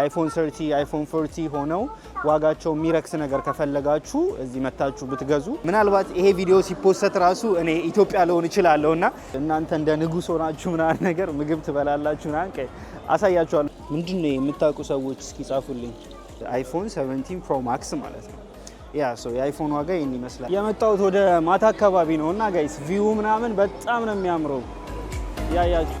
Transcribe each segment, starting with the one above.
አይፎን 30 አይፎን 40 ሆነው ዋጋቸው የሚረክስ ነገር ከፈለጋችሁ እዚህ መታችሁ ብትገዙ ምናልባት ይሄ ቪዲዮ ሲፖሰት ራሱ እኔ ኢትዮጵያ ልሆን እችላለሁ እና እናንተ እንደ ንጉስ ሆናችሁ ምናምን ነገር ምግብ ትበላላችሁ ምናምን አሳያችኋለሁ። ምንድን ነው የምታውቁ ሰዎች እስኪ ጻፉልኝ። አይፎን 17 ፕሮ ማክስ ማለት ነው። ያ የአይፎን ዋጋ ይህን ይመስላል። የመጣሁት ወደ ማታ አካባቢ ነው እና ጋይስ ቪው ምናምን በጣም ነው የሚያምረው ያያችሁ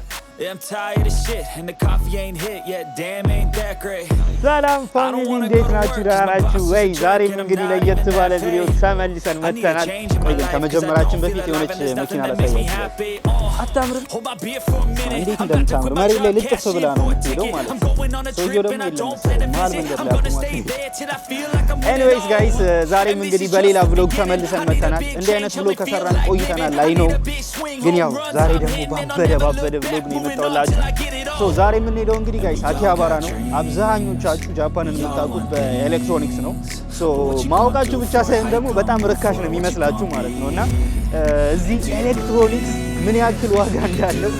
I'm tired of shit and the coffee ain't hit yet. Damn, ain't that great. ሰላም ፋሚሊ እንዴት ናችሁ? ደህና ናችሁ ወይ? ዛሬም እንግዲህ ለየት ባለ ቪዲዮ ተመልሰን መጥተናል። ቆይ ከመጀመራችን በፊት የሆነች መኪና ላሳያችሁ። አታምርም? Oh, እንዴት እንደምታምር መሬት ላይ ልጥፍ ብላ ነው የምትሄደው ማለት ነው። ሰውየው ደግሞ የለም መሀል መንገድ ላይ አቁሟት። ኤኒዌይስ ጋይስ uh, ዛሬም እንግዲህ በሌላ ብሎግ ተመልሰን መጥተናል። እንዲህ አይነት ብሎግ ከሰራን ቆይተናል። አይ ነው ግን ያው ዛሬ ደግሞ ባበደ ባበደ ብሎግ ነው ተወላጅ ሶ ዛሬ የምንሄደው እንግዲህ ጋይስ አኪሃባራ ነው። አብዛኞቻችሁ ጃፓንን የምታውቁት በኤሌክትሮኒክስ ነው። ሶ ማወቃችሁ ብቻ ሳይሆን ደግሞ በጣም ርካሽ ነው የሚመስላችሁ ማለት ነው። እና uh, እዚህ ኤሌክትሮኒክስ ምን ያክል ዋጋ እንዳለው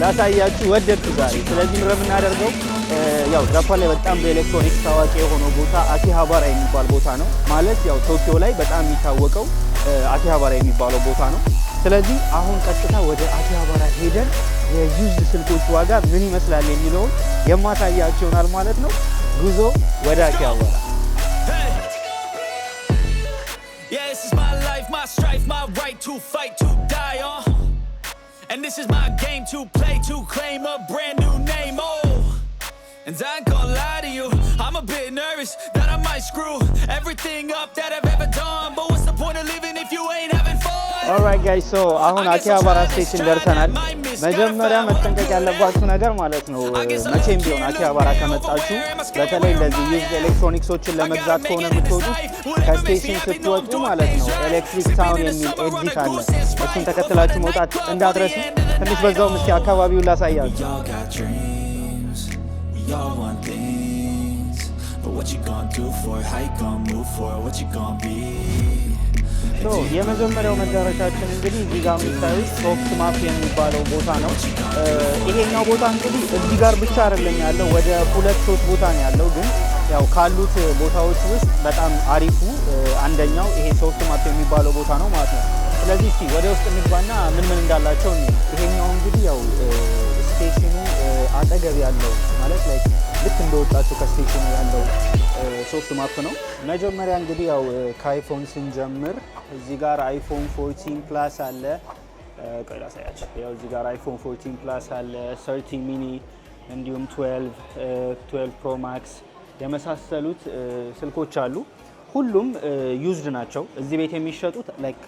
ላሳያችሁ ወደድኩ ዛሬ። ስለዚህ ምረ የምናደርገው uh, ያው ጃፓን ላይ በጣም በኤሌክትሮኒክስ ታዋቂ የሆነው ቦታ አኪሃባራ የሚባል ቦታ ነው። ማለት ያው ቶኪዮ ላይ በጣም የሚታወቀው uh, አኪሃባራ የሚባለው ቦታ ነው። ስለዚህ አሁን ቀጥታ ወደ አዲስ ሄደን የዩዝድ ስልኮች ዋጋ ምን ይመስላል የሚለውን የማሳያችሁ ይሆናል ማለት ነው። ጉዞ ወደ አዲስ አበባ። And I ain't gonna lie to you, I'm a bit nervous that I might screw everything up that I've ኦራይት ጋይስ ሶ አሁን አኪሃባራ ስቴሽን ደርሰናል። መጀመሪያ መጠንቀቅ ያለባችሁ ነገር ማለት ነው መቼም ቢሆን አባራ ከመጣችሁ በተለይ እንደዚህ ዩዝ ኤሌክትሮኒክሶችን ለመግዛት ከሆነ የምትወጡት ከስቴሽን ስትወጡ ማለት ነው ኤሌክትሪክ ታውን የሚል ኤግዚት አለ። እሱን ተከትላችሁ መውጣት እንዳትረሱ። ትንሽ በዛውም እስኪ አካባቢውን ላሳያችሁ። የመጀመሪያው መዳረሻችን እንግዲህ እዚህ ጋር የሚታዩት ሶፍት ማፕ የሚባለው ቦታ ነው። ይሄኛው ቦታ እንግዲህ እዚህ ጋር ብቻ አይደለም ያለው፣ ወደ ሁለት ሶስት ቦታ ነው ያለው። ግን ያው ካሉት ቦታዎች ውስጥ በጣም አሪፉ አንደኛው ይሄ ሶፍት ማፕ የሚባለው ቦታ ነው ማለት ነው። ስለዚህ እስኪ ወደ ውስጥ እንግባና ምን ምን እንዳላቸው ይሄኛው እንግዲህ ያው ስቴሽኑ አጠገብ ያለው ማለት ላይ ልክ እንደወጣችሁ ከስቴሽኑ ያለው ሶፍት ማፕ ነው። መጀመሪያ እንግዲህ ያው ከአይፎን ስንጀምር እዚህ ጋር አይፎን 14 ፕላስ አለ። ቆይ ላሳያችሁ። ያው እዚህ ጋር አይፎን 14 ፕላስ አለ፣ 30 ሚኒ እንዲሁም 12 12 ፕሮ ማክስ የመሳሰሉት ስልኮች አሉ። ሁሉም ዩዝድ ናቸው እዚህ ቤት የሚሸጡት ላይክ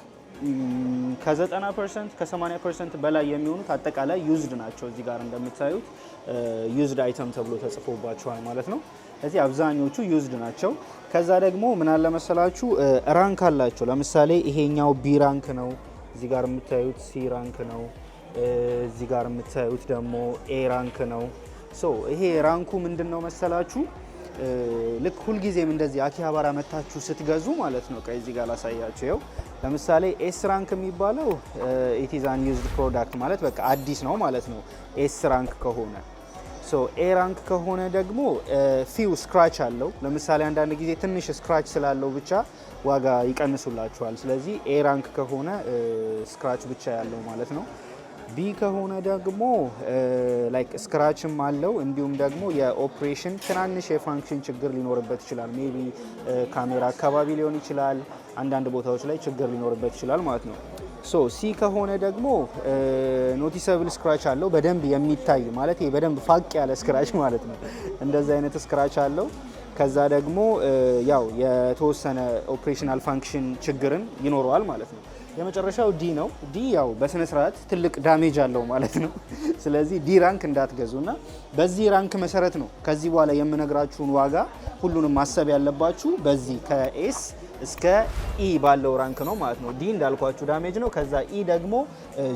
ከ90 ፐርሰንት ከ80 ፐርሰንት በላይ የሚሆኑት አጠቃላይ ዩዝድ ናቸው። እዚህ ጋር እንደምታዩት ዩዝድ አይተም ተብሎ ተጽፎባቸዋል ማለት ነው። እዚህ አብዛኞቹ ዩዝድ ናቸው። ከዛ ደግሞ ምን አለ መሰላችሁ ራንክ አላቸው። ለምሳሌ ይሄኛው ቢ ራንክ ነው። እዚህ ጋር የምታዩት ሲ ራንክ ነው። እዚህ ጋር የምታዩት ደግሞ ኤ ራንክ ነው። ሶ ይሄ ራንኩ ምንድን ነው መሰላችሁ ልክ ሁልጊዜም እንደዚህ አኪሃባራ መታችሁ ስትገዙ ማለት ነው። ቀይ እዚህ ጋር ላሳያቸው ለምሳሌ ኤስ ራንክ የሚባለው ኢት ኢዝ አንዩዝድ ፕሮዳክት ማለት በቃ አዲስ ነው ማለት ነው። ኤስ ራንክ ከሆነ ሶ ኤ ራንክ ከሆነ ደግሞ ፊው ስክራች አለው። ለምሳሌ አንዳንድ ጊዜ ትንሽ ስክራች ስላለው ብቻ ዋጋ ይቀንሱላችኋል። ስለዚህ ኤ ራንክ ከሆነ ስክራች ብቻ ያለው ማለት ነው። ቢ ከሆነ ደግሞ ላይክ ስክራችም አለው እንዲሁም ደግሞ የኦፕሬሽን ትናንሽ የፋንክሽን ችግር ሊኖርበት ይችላል። ሜቢ ካሜራ አካባቢ ሊሆን ይችላል አንዳንድ ቦታዎች ላይ ችግር ሊኖርበት ይችላል ማለት ነው። ሶ ሲ ከሆነ ደግሞ ኖቲሰብል ስክራች አለው በደንብ የሚታይ ማለት በደንብ ፋቅ ያለ ስክራች ማለት ነው። እንደዚህ አይነት ስክራች አለው። ከዛ ደግሞ ያው የተወሰነ ኦፕሬሽናል ፋንክሽን ችግርን ይኖረዋል ማለት ነው። የመጨረሻው ዲ ነው። ዲ ያው በስነ ስርዓት ትልቅ ዳሜጅ አለው ማለት ነው። ስለዚህ ዲ ራንክ እንዳትገዙ እና በዚህ ራንክ መሰረት ነው ከዚህ በኋላ የምነግራችሁን ዋጋ ሁሉንም ማሰብ ያለባችሁ በዚህ ከኤስ እስከ ኢ e ባለው ራንክ ነው ማለት ነው። ዲ እንዳልኳችሁ ዳሜጅ ነው። ከዛ ኢ e ደግሞ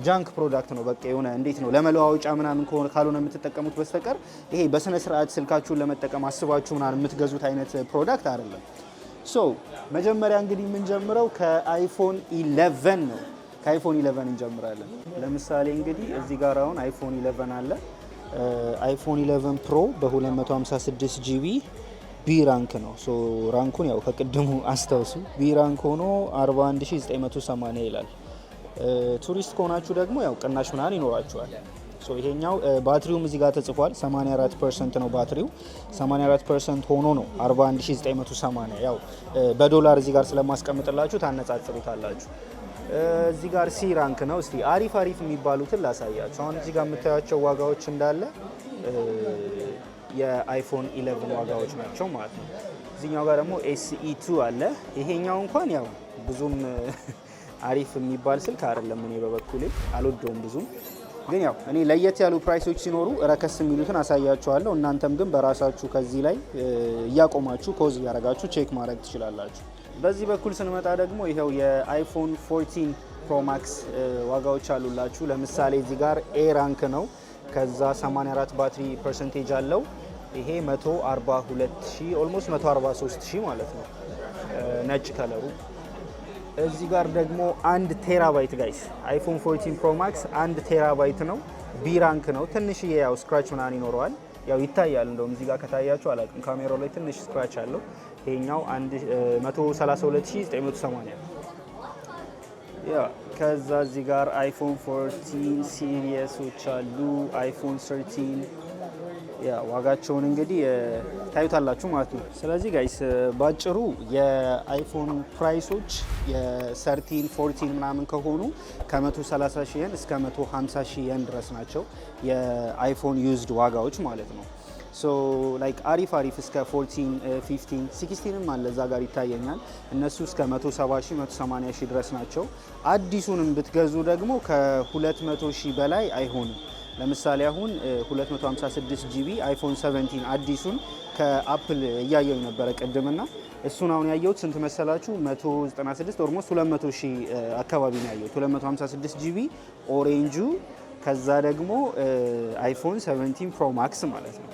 ጃንክ ፕሮዳክት ነው። በቃ የሆነ እንዴት ነው ለመለዋወጫ ምናምን ከሆነ ካልሆነ የምትጠቀሙት በስተቀር ይሄ በስነ ስርዓት ስልካችሁን ለመጠቀም አስባችሁ ምናምን የምትገዙት አይነት ፕሮዳክት አይደለም። ሶ መጀመሪያ እንግዲህ የምንጀምረው ከአይፎን 11 ነው። ከአይፎን 11 እንጀምራለን። ለምሳሌ እንግዲህ እዚህ ጋር አሁን አይፎን 11 አለ። አይፎን 11 ፕሮ በ256 ጂቢ ቢ ራንክ ነው። ሶ ራንኩን ያው ከቅድሙ አስታውሱ። ቢ ራንክ ሆኖ 41980 ይላል። ቱሪስት ከሆናችሁ ደግሞ ያው ቅናሽ ምናን ይኖራችኋል። ሶ ይሄኛው ባትሪውም እዚህ ጋር ተጽፏል። 84 ፐርሰንት ነው ባትሪው። 84 ፐርሰንት ሆኖ ነው 41980። ያው በዶላር እዚህ ጋር ስለማስቀምጥላችሁ ታነጻጽሩታላችሁ። እዚህ ጋር ሲ ራንክ ነው። እስቲ አሪፍ አሪፍ የሚባሉትን ላሳያችሁ። አሁን እዚህ ጋር የምታያቸው ዋጋዎች እንዳለ የአይፎን 11 ዋጋዎች ናቸው ማለት ነው። እዚኛው ጋር ደግሞ ኤስኢ 2 አለ። ይሄኛው እንኳን ያው ብዙም አሪፍ የሚባል ስልክ አይደለም። እኔ በበኩሌ አልወደውም ብዙም ግን ያው እኔ ለየት ያሉ ፕራይሶች ሲኖሩ ረከስ የሚሉትን አሳያችኋለሁ። እናንተም ግን በራሳችሁ ከዚህ ላይ እያቆማችሁ ኮዝ እያረጋችሁ ቼክ ማድረግ ትችላላችሁ። በዚህ በኩል ስንመጣ ደግሞ ይኸው የአይፎን 14 ፕሮማክስ ዋጋዎች አሉላችሁ። ለምሳሌ እዚህ ጋር ኤ ራንክ ነው። ከዛ 84 ባትሪ ፐርሰንቴጅ አለው ይሄ 142 ሺህ ኦልሞስት 143 ሺህ ማለት ነው። ነጭ ከለሩ እዚህ ጋር ደግሞ አንድ ቴራባይት ጋይስ አይፎን 14 ፕሮ ማክስ አንድ ቴራባይት ነው። ቢራንክ ነው። ትንሽዬ ያው ስክራች ምናምን ይኖረዋል ያው ይታያል። እንደውም እዚህ ጋር ከታያችሁ አላውቅም፣ ካሜራው ላይ ትንሽ ስክራች አለው። ይሄኛው 132980 ያ ከዛ እዚህ ጋር አይፎን 14 ሲሪየሶች አሉ። አይፎን 13 ዋጋቸውን እንግዲህ ታዩታላችሁ ማለት ነው። ስለዚህ ጋይስ ባጭሩ የአይፎን ፕራይሶች የሰርቲን ፎርቲን ምናምን ከሆኑ ከ130 ሺህ የን እስከ 150 ሺህ የን ድረስ ናቸው የአይፎን ዩዝድ ዋጋዎች ማለት ነው። ሶ ላይክ አሪፍ አሪፍ እስከ 14 15 16ም አለ እዛ ጋር ይታየኛል። እነሱ እስከ 170 ሺ 180 ሺህ ድረስ ናቸው። አዲሱንም ብትገዙ ደግሞ ከ200 ሺህ በላይ አይሆንም። ለምሳሌ አሁን 256 ጂቢ አይፎን 17 አዲሱን ከአፕል እያየው ነበረ ቅድምና እሱን አሁን ያየሁት ስንት መሰላችሁ? 196 ኦልሞስት 200 ሺህ አካባቢ ነው ያየሁት። 256 ጂቢ ኦሬንጁ፣ ከዛ ደግሞ አይፎን 17 ፕሮ ማክስ ማለት ነው።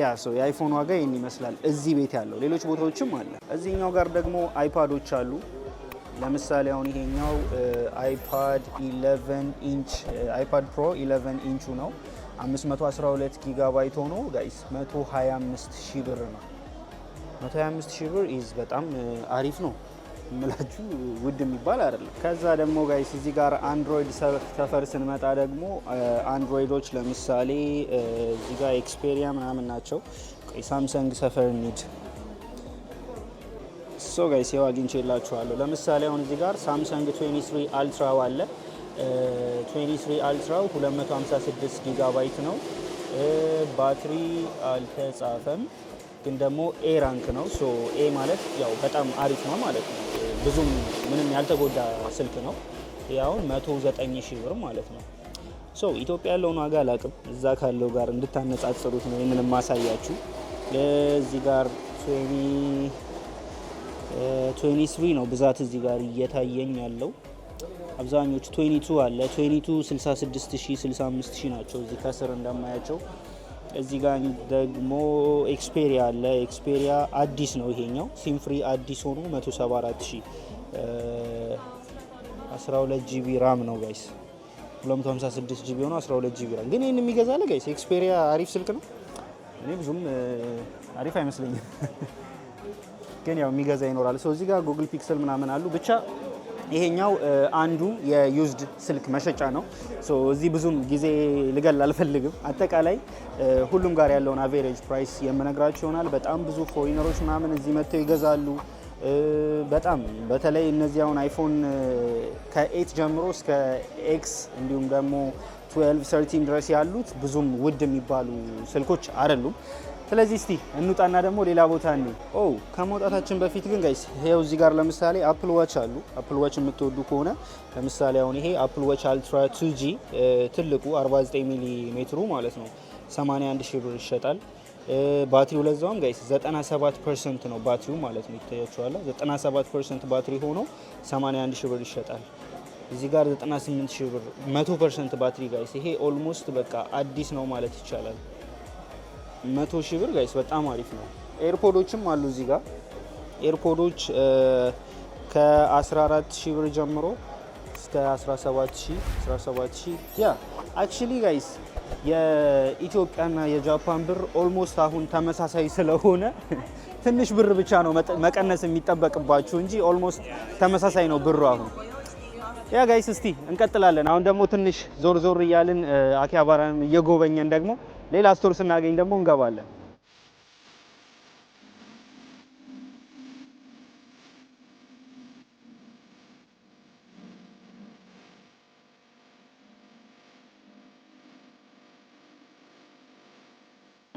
ያ ሶ የአይፎን ዋጋ ይህን ይመስላል። እዚህ ቤት ያለው ሌሎች ቦታዎችም አለ። እዚህኛው ጋር ደግሞ አይፓዶች አሉ ለምሳሌ አሁን ይሄኛው አይፓድ 11 ኢንች አይፓድ ፕሮ 11 ኢንቹ ነው 512 ጊጋባይት ሆኖ ጋይስ 125 ሺህ ብር ነው። 125 ሺህ ብር ኢዝ በጣም አሪፍ ነው ምላችሁ ውድ የሚባል አይደለም። ከዛ ደግሞ ጋይስ እዚህ ጋር አንድሮይድ ሰፈር ስንመጣ ደግሞ አንድሮይዶች ለምሳሌ እዚህ ጋር ኤክስፔሪያ ምናምን ናቸው። ሳምሰንግ ሰፈር ኒድ ሶ ጋይስ ይኸው አግኝቼላችኋለሁ። ለምሳሌ አሁን እዚህ ጋር ሳምሰንግ 23 አልትራው አለ። 23 አልትራው 256 ጊጋባይት ነው። ባትሪ አልተጻፈም፣ ግን ደግሞ ኤ ራንክ ነው። ሶ ኤ ማለት ያው በጣም አሪፍ ነው ማለት ነው። ብዙም ምንም ያልተጎዳ ስልክ ነው። ያው 109 ሺህ ብር ማለት ነው። ሶ ኢትዮጵያ ያለውን ዋጋ አላቅም፣ እዛ ካለው ጋር እንድታነጻጽሩት ነው ይህንን ማሳያችሁ። እዚህ ጋር 23 ነው ብዛት እዚህ ጋር እየታየኝ ያለው። አብዛኞቹ 22 አለ 22 66 ሺ 65 ሺ ናቸው እዚህ ከስር እንደማያቸው። እዚህ ጋር ደግሞ ኤክስፔሪያ አለ። ኤክስፔሪያ አዲስ ነው ይሄኛው። ሲም ፍሪ አዲስ ሆኖ 174 ሺ 12 ጂቢ ራም ነው ጋይስ 256 ጂቢ ሆኖ 12 ጂቢ ራም ግን ይህን የሚገዛለ ጋይስ ኤክስፔሪያ አሪፍ ስልክ ነው። እኔ ብዙም አሪፍ አይመስለኝም። ግን ያው የሚገዛ ይኖራል። ሰው እዚህ ጋር ጉግል ፒክሰል ምናምን አሉ ብቻ ይሄኛው አንዱ የዩዝድ ስልክ መሸጫ ነው። እዚህ ብዙም ጊዜ ልገል አልፈልግም። አጠቃላይ ሁሉም ጋር ያለውን አቬሬጅ ፕራይስ የምነግራቸው ይሆናል። በጣም ብዙ ፎሪነሮች ምናምን እዚህ መጥተው ይገዛሉ። በጣም በተለይ እነዚህ አሁን አይፎን ከኤት ጀምሮ እስከ ኤክስ እንዲሁም ደግሞ 12 13 ድረስ ያሉት ብዙም ውድ የሚባሉ ስልኮች አይደሉም። ስለዚህ እስቲ እንውጣና ደግሞ ሌላ ቦታ እንይ። ኦ ከመውጣታችን በፊት ግን ጋይስ ይሄው እዚህ ጋር ለምሳሌ አፕል ዋች አሉ። አፕል ዋች የምትወዱ ከሆነ ለምሳሌ አሁን ይሄ አፕል ዋች አልትራ 2G ትልቁ 49 ሚሊ ሜትሩ ማለት ነው 81 ሺህ ብር ይሸጣል። ባትሪው ለዛውም ጋይስ 97 ፐርሰንት ነው ባትሪው ማለት ነው ይታያችኋል። 97 ፐርሰንት ባትሪ ሆኖ 81 ሺህ ብር ይሸጣል። እዚህ ጋር 98 ሺህ ብር 100 ፐርሰንት ባትሪ ጋይስ ይሄ ኦልሞስት በቃ አዲስ ነው ማለት ይቻላል። መቶ ሺህ ብር ጋይስ በጣም አሪፍ ነው። ኤርፖዶችም አሉ እዚህ ጋር ኤርፖዶች ከ14 ሺህ ብር ጀምሮ እስከ 17 ሺህ 17 ሺህ ያ አክቹሊ ጋይስ የኢትዮጵያና የጃፓን ብር ኦልሞስት አሁን ተመሳሳይ ስለሆነ ትንሽ ብር ብቻ ነው መቀነስ የሚጠበቅባችሁ እንጂ ኦልሞስት ተመሳሳይ ነው ብሩ አሁን። ያ ጋይስ እስቲ እንቀጥላለን። አሁን ደግሞ ትንሽ ዞር ዞር እያልን አኪያባራን እየጎበኘን ደግሞ ሌላ ስቶር ስናገኝ ደግሞ እንገባለን።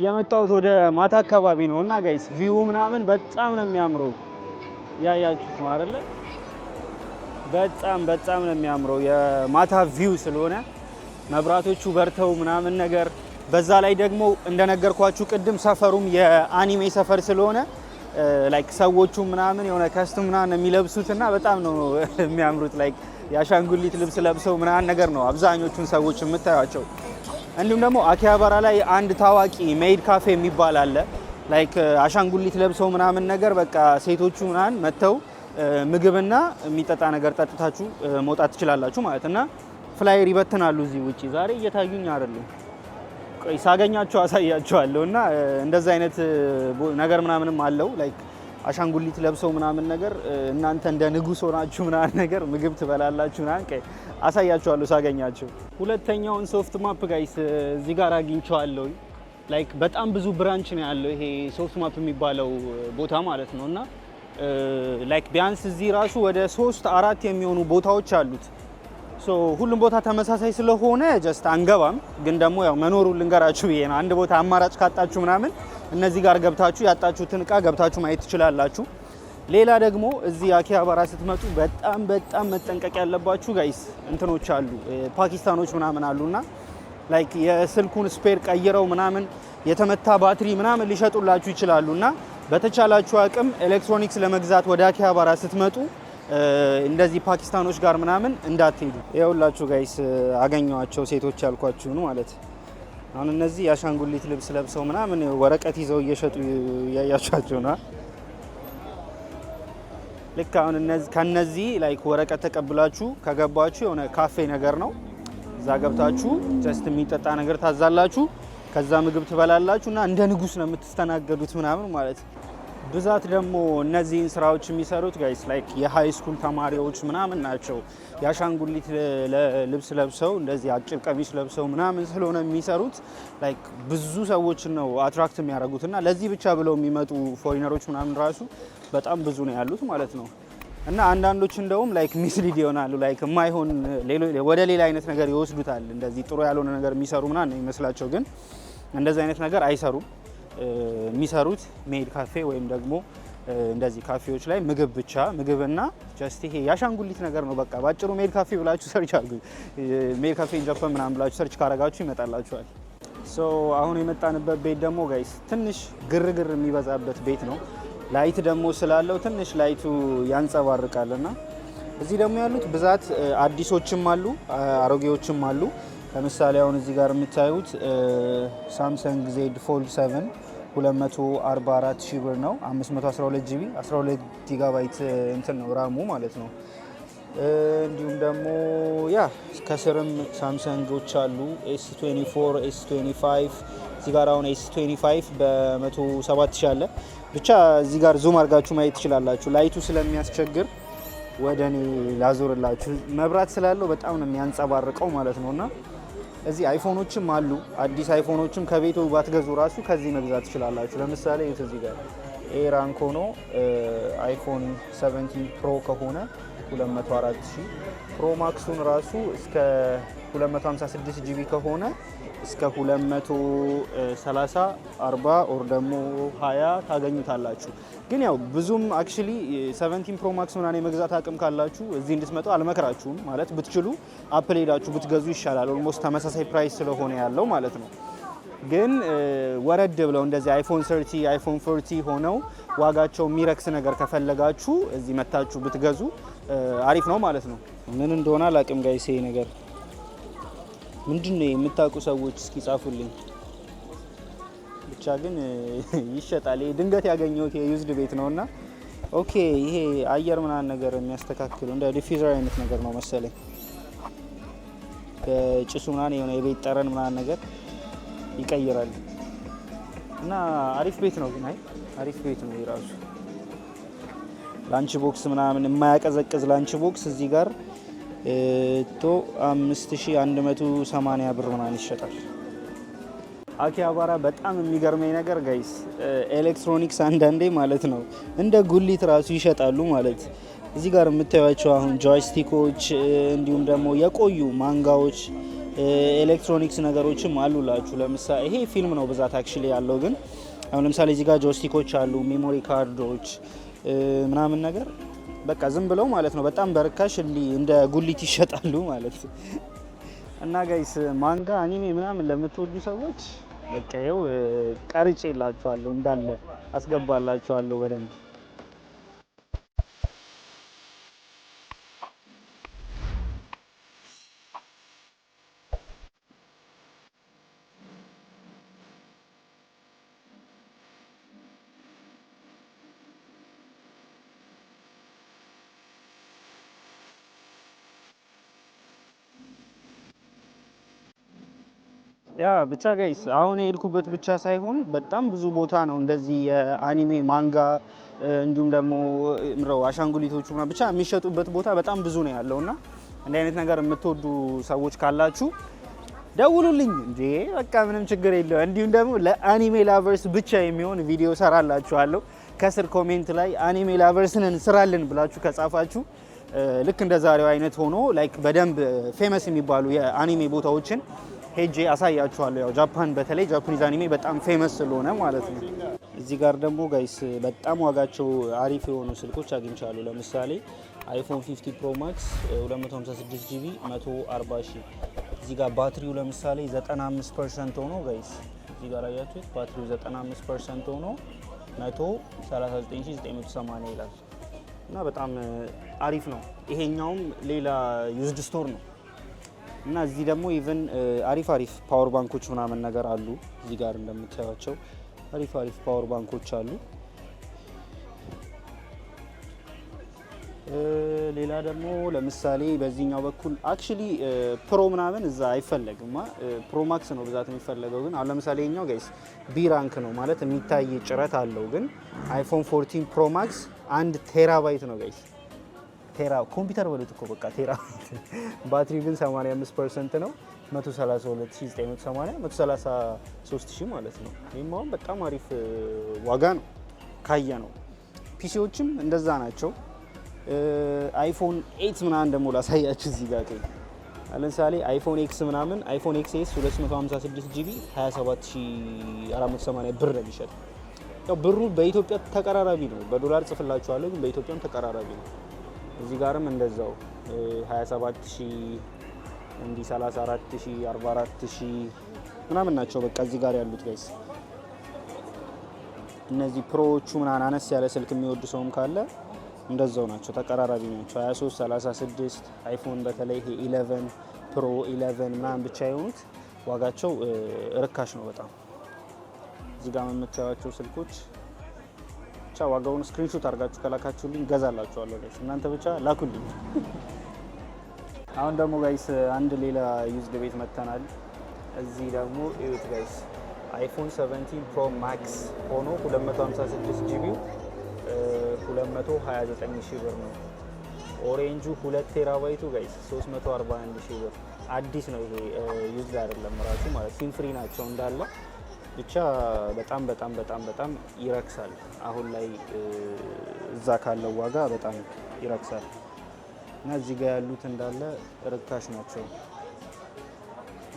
የመጣሁት ወደ ማታ አካባቢ ነው እና ጋይስ ቪው ምናምን በጣም ነው የሚያምረው። ያያችሁት ነው አይደለ? በጣም በጣም ነው የሚያምረው የማታ ቪው ስለሆነ መብራቶቹ በርተው ምናምን ነገር በዛ ላይ ደግሞ እንደነገርኳችሁ ቅድም ሰፈሩም የአኒሜ ሰፈር ስለሆነ ላይክ ሰዎቹ ምናምን የሆነ ከስቱም ምናምን የሚለብሱትና በጣም ነው የሚያምሩት። ላይክ የአሻንጉሊት ልብስ ለብሰው ምናምን ነገር ነው አብዛኞቹን ሰዎች የምታያቸው። እንዲሁም ደግሞ አኪያባራ ላይ አንድ ታዋቂ ሜይድ ካፌ የሚባል አለ። ላይክ አሻንጉሊት ለብሰው ምናምን ነገር በቃ ሴቶቹ ምናምን መጥተው ምግብና የሚጠጣ ነገር ጠጥታችሁ መውጣት ትችላላችሁ ማለት እና ፍላየር ይበትናሉ እዚህ ውጭ። ዛሬ እየታዩኝ አይደለም ሳገኛቸው አሳያቸዋለሁ። እና እንደዛ አይነት ነገር ምናምንም አለው ላይክ አሻንጉሊት ለብሰው ምናምን ነገር እናንተ እንደ ንጉስ ሆናችሁ ምናምን ነገር ምግብ ትበላላችሁ ምናምን አሳያቸዋለሁ ሳገኛቸው። ሁለተኛውን ሶፍት ማፕ ጋይስ እዚህ ጋር አግኝቸዋለሁ። ላይክ በጣም ብዙ ብራንች ነው ያለው ይሄ ሶፍት ማፕ የሚባለው ቦታ ማለት ነው እና ላይክ ቢያንስ እዚህ ራሱ ወደ ሶስት አራት የሚሆኑ ቦታዎች አሉት ሁሉም ቦታ ተመሳሳይ ስለሆነ ጀስት አንገባም። ግን ደግሞ ያው መኖሩ ልንገራችሁ ብዬ ነው። አንድ ቦታ አማራጭ ካጣችሁ ምናምን እነዚህ ጋር ገብታችሁ ያጣችሁትን እቃ ገብታችሁ ማየት ትችላላችሁ። ሌላ ደግሞ እዚህ አኪያባራ ስትመጡ በጣም በጣም መጠንቀቅ ያለባችሁ ጋይስ እንትኖች አሉ፣ ፓኪስታኖች ምናምን አሉና ላይክ የስልኩን ስፔር ቀይረው ምናምን የተመታ ባትሪ ምናምን ሊሸጡላችሁ ይችላሉና በተቻላችሁ አቅም ኤሌክትሮኒክስ ለመግዛት ወደ አኪያባራ ስትመጡ እንደዚህ ፓኪስታኖች ጋር ምናምን እንዳትሄዱ። ይኸውላችሁ ጋይስ አገኘዋቸው ሴቶች ያልኳችሁ ነው ማለት አሁን እነዚህ የአሻንጉሊት ልብስ ለብሰው ምናምን ወረቀት ይዘው እየሸጡ እያያቸዋቸው ነ ልክ አሁን ከነዚህ ላይክ ወረቀት ተቀብላችሁ ከገባችሁ የሆነ ካፌ ነገር ነው። እዛ ገብታችሁ ጀስት የሚጠጣ ነገር ታዛላችሁ፣ ከዛ ምግብ ትበላላችሁ እና እንደ ንጉስ ነው የምትስተናገዱት ምናምን ማለት ነው። ብዛት ደግሞ እነዚህን ስራዎች የሚሰሩት ጋይስ ላይክ የሃይ ስኩል ተማሪዎች ምናምን ናቸው። የአሻንጉሊት ልብስ ለብሰው እንደዚህ አጭር ቀሚስ ለብሰው ምናምን ስለሆነ የሚሰሩት ላይክ ብዙ ሰዎችን ነው አትራክት የሚያደርጉት እና ለዚህ ብቻ ብለው የሚመጡ ፎሪነሮች ምናምን ራሱ በጣም ብዙ ነው ያሉት ማለት ነው። እና አንዳንዶች እንደውም ላይክ ሚስሊድ ይሆናሉ። ላይክ የማይሆን ወደ ሌላ አይነት ነገር ይወስዱታል። እንደዚህ ጥሩ ያልሆነ ነገር የሚሰሩ ምናምን ነው ይመስላቸው፣ ግን እንደዚህ አይነት ነገር አይሰሩም። የሚሰሩት ሜድ ካፌ ወይም ደግሞ እንደዚህ ካፌዎች ላይ ምግብ ብቻ ምግብና ጀስት ይሄ ያሻንጉሊት ነገር ነው። በቃ ባጭሩ ሜድ ካፌ ብላችሁ ሰርች አድርጉ። ሜድ ካፌ ጃፓን ምናምን ብላችሁ ሰርች ካረጋችሁ ይመጣላችኋል። ሶ አሁን የመጣንበት ቤት ደግሞ ጋይስ ትንሽ ግርግር የሚበዛበት ቤት ነው። ላይት ደግሞ ስላለው ትንሽ ላይቱ ያንጸባርቃልና እዚህ ደግሞ ያሉት ብዛት አዲሶችም አሉ አሮጌዎችም አሉ። ለምሳሌ አሁን እዚህ ጋር የምታዩት ሳምሰንግ ዜድ ፎልድ 7 244 ሺህ ብር ነው። 512 ጂቢ 12 ጊጋባይት እንትን ነው ራሙ ማለት ነው። እንዲሁም ደግሞ ያ ከስርም ሳምሰንጎች አሉ ኤስ 24 ኤስ 25 እዚህ ጋር አሁን ኤስ 25 በ107 ሺ አለ። ብቻ እዚህ ጋር ዙም አድርጋችሁ ማየት ትችላላችሁ። ላይቱ ስለሚያስቸግር ወደ እኔ ላዞርላችሁ። መብራት ስላለው በጣም ነው የሚያንጸባርቀው ማለት ነው እና እዚህ አይፎኖችም አሉ። አዲስ አይፎኖችም ከቤቱ ባትገዙ ራሱ ከዚህ መግዛት ትችላላችሁ። ለምሳሌ ይኸው እዚህ ጋር ኤ ራንክ ሆኖ አይፎን 17 ፕሮ ከሆነ 204 ፕሮ ማክሱን ራሱ እስከ 256 ጂቢ ከሆነ እስከ 230 40 ኦር ደግሞ 20 ታገኙታላችሁ። ግን ያው ብዙም አክቹሊ 17 ፕሮ ማክስ ምናምን የመግዛት አቅም ካላችሁ እዚህ እንድትመጡ አልመክራችሁም። ማለት ብትችሉ አፕል ሄዳችሁ ብትገዙ ይሻላል። ኦልሞስት ተመሳሳይ ፕራይስ ስለሆነ ያለው ማለት ነው። ግን ወረድ ብለው እንደዚህ አይፎን 30 አይፎን 40 ሆነው ዋጋቸው የሚረክስ ነገር ከፈለጋችሁ እዚህ መታችሁ ብትገዙ አሪፍ ነው ማለት ነው። ምን እንደሆነ አላቅም ጋይስ ይሄ ነገር ምንድን ነው የምታውቁ ሰዎች እስኪ ጻፉልኝ። ብቻ ግን ይሸጣል። ድንገት ያገኘሁት የዩዝድ ቤት ነው እና ኦኬ፣ ይሄ አየር ምናምን ነገር የሚያስተካክሉ እንደ ዲፊዘር አይነት ነገር ነው መሰለኝ። በጭሱ ምናምን የሆነ የቤት ጠረን ምናምን ነገር ይቀይራል እና አሪፍ ቤት ነው። ግን አይ አሪፍ ቤት ነው የራሱ ላንች ቦክስ ምናምን የማያቀዘቅዝ ላንች ቦክስ እዚህ ጋር 5180 ብር ምናምን ይሸጣል። አኪ አባራ በጣም የሚገርመኝ ነገር ጋይስ ኤሌክትሮኒክስ አንዳንዴ ማለት ነው እንደ ጉሊት ራሱ ይሸጣሉ ማለት እዚህ ጋር የምታዩቸው አሁን ጆይስቲኮች እንዲሁም ደግሞ የቆዩ ማንጋዎች ኤሌክትሮኒክስ ነገሮችም አሉላችሁ። ለምሳሌ ይሄ ፊልም ነው ብዛት አክቹሊ ያለው ግን አሁን ለምሳሌ እዚህ ጋር አሉ፣ ሜሞሪ ካርዶች ምናምን ነገር በቃ ዝም ብለው ማለት ነው። በጣም በርካሽ እንደ ጉሊት ይሸጣሉ ማለት እና ጋይስ ማንጋ አኒሜ ምናምን ለምትወዱ ሰዎች በቃ ይኸው ቀርጬ እንዳለ አስገባላችኋለሁ በደንብ ያ ብቻ ጋይስ አሁን የሄድኩበት ብቻ ሳይሆን በጣም ብዙ ቦታ ነው እንደዚህ የአኒሜ ማንጋ እንዲሁም ደግሞ ምረው አሻንጉሊቶቹ ብቻ የሚሸጡበት ቦታ በጣም ብዙ ነው ያለው እና እንደ አይነት ነገር የምትወዱ ሰዎች ካላችሁ ደውሉልኝ እንጂ በቃ ምንም ችግር የለው። እንዲሁም ደግሞ ለአኒሜ ላቨርስ ብቻ የሚሆን ቪዲዮ ሰራላችኋለሁ። ከስር ኮሜንት ላይ አኒሜ ላቨርስንን ስራልን ብላችሁ ከጻፋችሁ ልክ እንደ ዛሬው አይነት ሆኖ ላይክ በደንብ ፌመስ የሚባሉ የአኒሜ ቦታዎችን ሄጄ አሳያችኋለሁ። ያው ጃፓን በተለይ ጃፓኒዝ አኒሜ በጣም ፌመስ ስለሆነ ማለት ነው። እዚህ ጋር ደግሞ ጋይስ በጣም ዋጋቸው አሪፍ የሆኑ ስልኮች አግኝቻለሁ። ለምሳሌ አይፎን 50 ፕሮ ማክስ 256 ጂቢ 140 ሺ እዚህ ጋር ባትሪው ለምሳሌ 95 ፐርሰንት ሆኖ ጋይስ እዚህ ጋር አያችሁት ባትሪው 95 ፐርሰንት ሆኖ 139980 ይላል እና በጣም አሪፍ ነው። ይሄኛውም ሌላ ዩዝድ ስቶር ነው እና እዚህ ደግሞ ኢቨን አሪፍ አሪፍ ፓወር ባንኮች ምናምን ነገር አሉ። እዚህ ጋር እንደምታዩቸው አሪፍ አሪፍ ፓወር ባንኮች አሉ። ሌላ ደግሞ ለምሳሌ በዚህኛው በኩል አክቹሊ ፕሮ ምናምን እዛ አይፈለግማ ፕሮ ማክስ ነው ብዛት የሚፈለገው። ግን አሁን ለምሳሌ ኛው ጋይስ ቢ ራንክ ነው ማለት የሚታይ ጭረት አለው። ግን አይፎን 14 ፕሮ ማክስ አንድ ቴራባይት ነው ጋይስ ቴራ ኮምፒውተር በሉት እኮ በቃ ቴራ። ባትሪ ግን 85 ፐርሰንት ነው 132980 ማለት ነው። ይህም አሁን በጣም አሪፍ ዋጋ ነው ካየ ነው። ፒሲዎችም እንደዛ ናቸው። አይፎን ኤት ምናምን ደግሞ ላሳያችሁ እዚህ ጋር ለምሳሌ አይፎን ኤክስ ምናምን አይፎን ኤክስ ኤስ 256 ጂቢ 27480 ብር ነው የሚሸጥ። ያው ብሩ በኢትዮጵያ ተቀራራቢ ነው። በዶላር ጽፍላችኋለሁ፣ ግን በኢትዮጵያም ተቀራራቢ ነው። እዚህ ጋርም እንደዛው 27 ሺህ እንዲህ 34 ሺህ 44 ሺህ ምናምን ናቸው። በቃ እዚህ ጋር ያሉት ጋይስ እነዚህ ፕሮዎቹ ምናምን አነስ ያለ ስልክ የሚወድ ሰውም ካለ እንደዛው ናቸው፣ ተቀራራቢ ናቸው። 23 36 አይፎን በተለይ ይሄ 11 ፕሮ 11 ምናምን ብቻ የሆኑት ዋጋቸው ርካሽ ነው በጣም እዚህ ጋር የምታዩዋቸው ስልኮች ዋጋውን ስክሪንሾት አድርጋችሁ ከላካችሁልኝ ገዛላችኋለሁ። እናንተ ብቻ ላኩልኝ። አሁን ደግሞ ጋይስ አንድ ሌላ ዩዝድ ቤት መጥተናል። እዚህ ደግሞ እዩት ጋይስ አይፎን 17 ፕሮ ማክስ ሆኖ 256 ጂቢ 229 ሺህ ብር ነው። ኦሬንጁ 2 ቴራባይቱ ጋይስ 341 ሺህ ብር አዲስ ነው ይሄ ዩዝድ አይደለም ራሱ ማለት ሲም ፍሪ ናቸው እንዳለ ብቻ በጣም በጣም በጣም በጣም ይረክሳል። አሁን ላይ እዛ ካለው ዋጋ በጣም ይረክሳል እና እዚህ ጋር ያሉት እንዳለ ርካሽ ናቸው።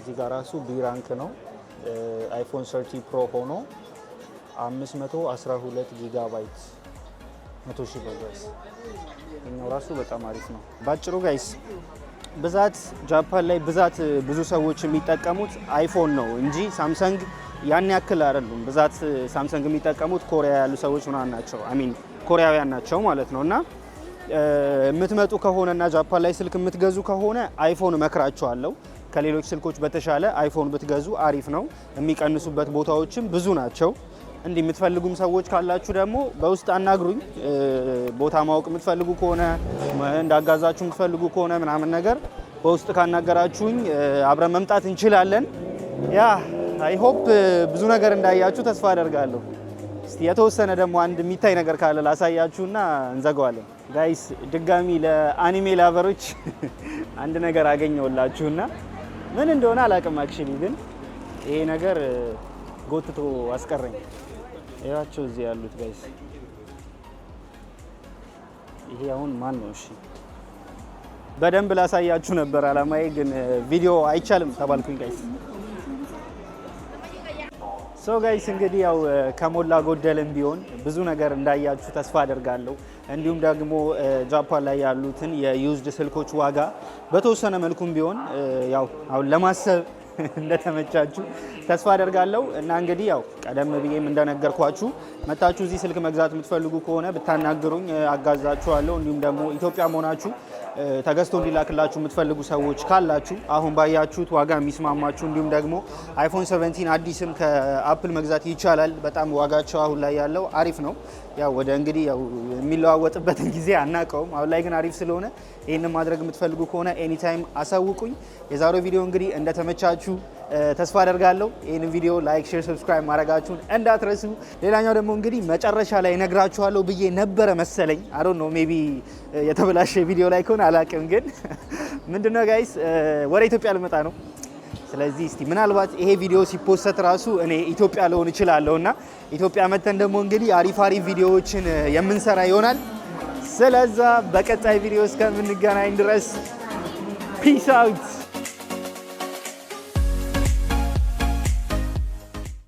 እዚህ ጋር ራሱ ቢራንክ ነው አይፎን 30 ፕሮ ሆኖ 512 ጊጋባይት 100 ሺህ ብር ድረስ እኛው ራሱ በጣም አሪፍ ነው። ባጭሩ ጋይስ ብዛት ጃፓን ላይ ብዛት ብዙ ሰዎች የሚጠቀሙት አይፎን ነው እንጂ ሳምሰንግ ያን ያክል አይደሉም። ብዛት ሳምሰንግ የሚጠቀሙት ኮሪያ ያሉ ሰዎች ምናምን ናቸው፣ አሚን ኮሪያውያን ናቸው ማለት ነው። እና የምትመጡ ከሆነና ጃፓን ላይ ስልክ የምትገዙ ከሆነ አይፎን እመክራችኋለሁ። ከሌሎች ስልኮች በተሻለ አይፎን ብትገዙ አሪፍ ነው። የሚቀንሱበት ቦታዎችም ብዙ ናቸው። እንዲህ የምትፈልጉም ሰዎች ካላችሁ ደግሞ በውስጥ አናግሩኝ። ቦታ ማወቅ የምትፈልጉ ከሆነ እንዳጋዛችሁ የምትፈልጉ ከሆነ ምናምን ነገር በውስጥ ካናገራችሁኝ አብረን መምጣት እንችላለን ያ አይ ሆፕ ብዙ ነገር እንዳያችሁ ተስፋ አደርጋለሁ። እስቲ የተወሰነ ደግሞ አንድ የሚታይ ነገር ካለ ላሳያችሁና እንዘጋዋለን። ጋይስ ድጋሚ ለአኒሜ ላቨሮች አንድ ነገር አገኘውላችሁና ምን እንደሆነ አላቅም። አክቹሊ ግን ይሄ ነገር ጎትቶ አስቀረኝ። ይዋቸው እዚህ ያሉት ጋይስ፣ ይሄ አሁን ማን ነው? እሺ በደንብ ላሳያችሁ ነበር አላማዬ፣ ግን ቪዲዮ አይቻልም ተባልኩኝ ጋይስ። ሰው ጋይስ እንግዲህ ያው ከሞላ ጎደልም ቢሆን ብዙ ነገር እንዳያችሁ ተስፋ አደርጋለሁ። እንዲሁም ደግሞ ጃፓን ላይ ያሉትን የዩዝድ ስልኮች ዋጋ በተወሰነ መልኩም ቢሆን ያው አሁን ለማሰብ እንደተመቻችሁ ተስፋ አደርጋለሁ እና እንግዲህ ያው ቀደም ብዬም እንደነገርኳችሁ መታችሁ እዚህ ስልክ መግዛት የምትፈልጉ ከሆነ ብታናግሩኝ አጋዛችኋለሁ። እንዲሁም ደግሞ ኢትዮጵያ መሆናችሁ ተገዝቶ እንዲላክላችሁ የምትፈልጉ ሰዎች ካላችሁ አሁን ባያችሁት ዋጋ የሚስማማችሁ እንዲሁም ደግሞ አይፎን 17 አዲስም ከአፕል መግዛት ይቻላል። በጣም ዋጋቸው አሁን ላይ ያለው አሪፍ ነው። ያው ወደ እንግዲህ ያው የሚለዋወጥበትን ጊዜ አናውቀውም። አሁን ላይ ግን አሪፍ ስለሆነ ይህንን ማድረግ የምትፈልጉ ከሆነ ኤኒታይም አሳውቁኝ። የዛሬው ቪዲዮ እንግዲህ እንደተመቻችሁ ተስፋ አደርጋለሁ። ይህን ቪዲዮ ላይክ፣ ሼር፣ ሰብስክራይብ ማድረጋችሁን እንዳትረሱ። ሌላኛው ደግሞ እንግዲህ መጨረሻ ላይ ነግራችኋለሁ ብዬ ነበረ መሰለኝ። አይ ነው ሜቢ የተበላሸ ቪዲዮ ላይ ከሆነ አላቅም። ግን ምንድነው ጋይስ ወደ ኢትዮጵያ ልመጣ ነው። ስለዚህ እስቲ ምናልባት ይሄ ቪዲዮ ሲፖሰት ራሱ እኔ ኢትዮጵያ ልሆን እችላለሁ እና ኢትዮጵያ መተን ደግሞ እንግዲህ አሪፍ አሪፍ ቪዲዮዎችን የምንሰራ ይሆናል። ስለዛ በቀጣይ ቪዲዮ እስከምንገናኝ ድረስ ፒስ አውት